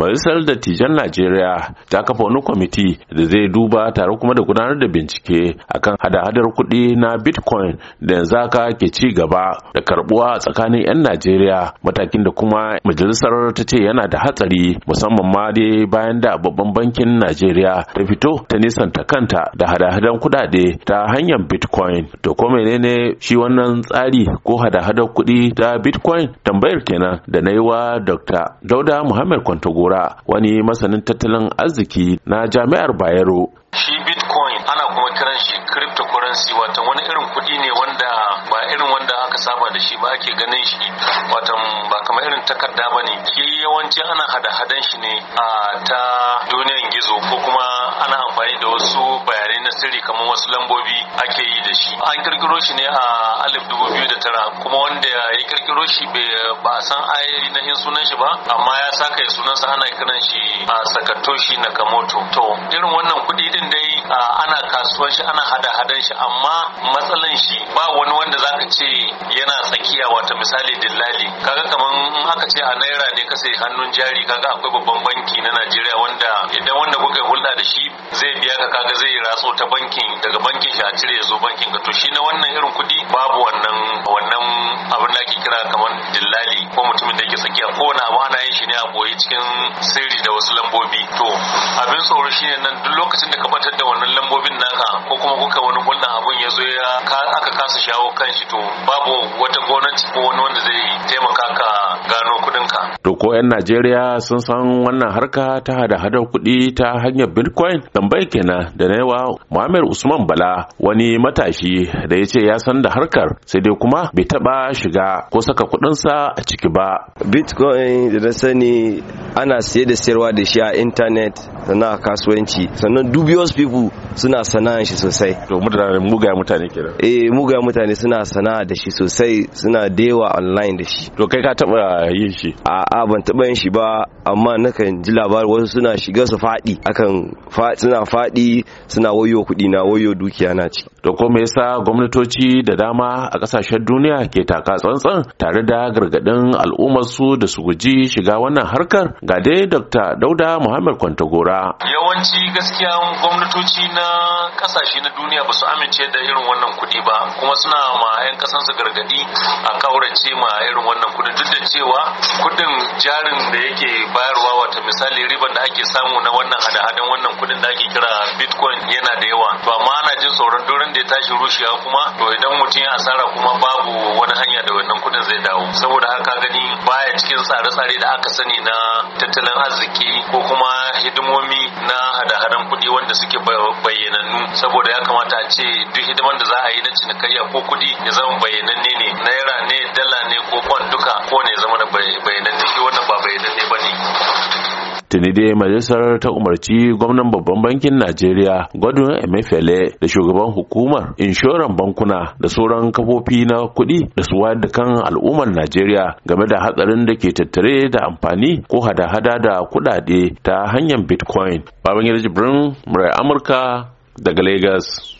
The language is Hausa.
majalisar dattijan najeriya ta kafa wani kwamiti da zai duba tare kuma da gudanar da bincike akan hada-hadar kuɗi na bitcoin da yanzu aka ke ci gaba da karbuwa tsakanin 'yan najeriya matakin da kuma majalisar ta ce yana da hatsari musamman ma dai bayan da babban bankin najeriya ta fito ta nisanta kanta da hada hadar kuɗaɗe ta hanyar bitcoin to ko menene shi wannan tsari ko hada-hadar kuɗi ta bitcoin tambayar kenan da na yi wa dr dauda muhammad kwantago kura wani masanin tattalin arziki na jami'ar Bayero. Shi Bitcoin ana kuma kiran shi cryptocurrency wata wani irin kuɗi ne wanda ba irin wanda aka saba da shi ba ake ganin shi watan ba kamar irin takarda ba ne. Shi yawanci ana hada-hadan shi ne a ta duniyar gizo ko kuma ana amfani da wasu bayanai na sirri kamar wasu lambobi ake yi da shi an kirkiro shi ne a alif dubu biyu da tara kuma wanda ya kirkiro shi ba a san ainihin sunan shi ba amma ya saka ya sunansa ana kiran shi a sakatoshi na kamoto to irin wannan kuɗi din dai ana kasuwan shi ana hada-hadan shi amma matsala shi ba wani wanda zaka ce yana tsakiya wata misali dillali kaga kaman in aka ce a naira ne ka sai hannun jari kaga akwai babban banki na Najeriya wanda idan wanda kuka hulɗa da shi zai biya ka kaga zai ratsu ta bankin daga bankin shi a cire ya zo bankin ka to shi na wannan irin kuɗi babu wannan wannan abin da ake kira kaman dillali ko mutumin da yake tsakiya ko wani abu ana yin shi ne a boye cikin sirri da wasu lambobi to abin tsoro shine nan duk lokacin da ka batar da wannan lambobin naka ko kuma kuka wani hulɗa abu ya zo ya aka kasa shawo kan shi to babu wata gwamnati ko wani wanda zai taimaka ka gano kuɗin ka. To ko 'yan Najeriya sun san wannan harka ta hada hadar kuɗi ta hanyar Bitcoin? Tambayar kenan da na yawa Muhammad Usman Bala wani matashi da ya ce ya san da harkar sai dai kuma bai taba shiga ko saka kuɗinsa a ciki ba. Bitcoin da na sani ana siye da sayarwa da shi a intanet sannan a kasuwanci sannan dubious people suna sana'an shi sosai to mugaya mutane kenan eh mugaya mutane suna sana'a da shi sosai suna dewa online da shi to kai ka taba yin shi a ban taba yin shi ba amma nakan ji labarin wasu suna shiga su faɗi akan suna faɗi suna wayo kuɗi na wayo dukiya na ciki da ko yasa gwamnatoci da dama a kasashen duniya ke taka tsantsan tare da gargadin al'ummarsu da su guji shiga wannan harkar ga dai dr dauda muhammad kwantagora yawanci gaskiya gwamnatoci na kasashe na duniya ba su amince da irin wannan kuɗi ba kuma suna ma 'yan kasansu gargadi a kaurace ma irin wannan kuɗi duk cewa kudin jarin da yake bayarwa wata misali ribar da ake samu na wannan hada-hadan wannan kudin da ake kira bitcoin yana da yawa to amma ana jin tsoron durin da ya tashi rushewa kuma to idan mutum ya asara kuma babu wani hanya da wannan kudin zai dawo saboda haka gani baya cikin tsare-tsare da aka sani na tattalin arziki ko kuma hidimomi na hada-hadan kudi wanda suke bayyanannu saboda ya kamata a ce duk hidimar da za a yi na cinikayya ko kudi ya zama bayyana tuni dai majalisar ta umarci gwamnan babban bankin najeriya godwin emefiele da shugaban hukumar inshoran bankuna da sauran kafofi na kuɗi da su wayar da kan al'ummar najeriya game da hatsarin da ke tattare da amfani ko hada-hada da kuɗaɗe ta hanyar bitcoin babangida jibrin murai amurka daga lagos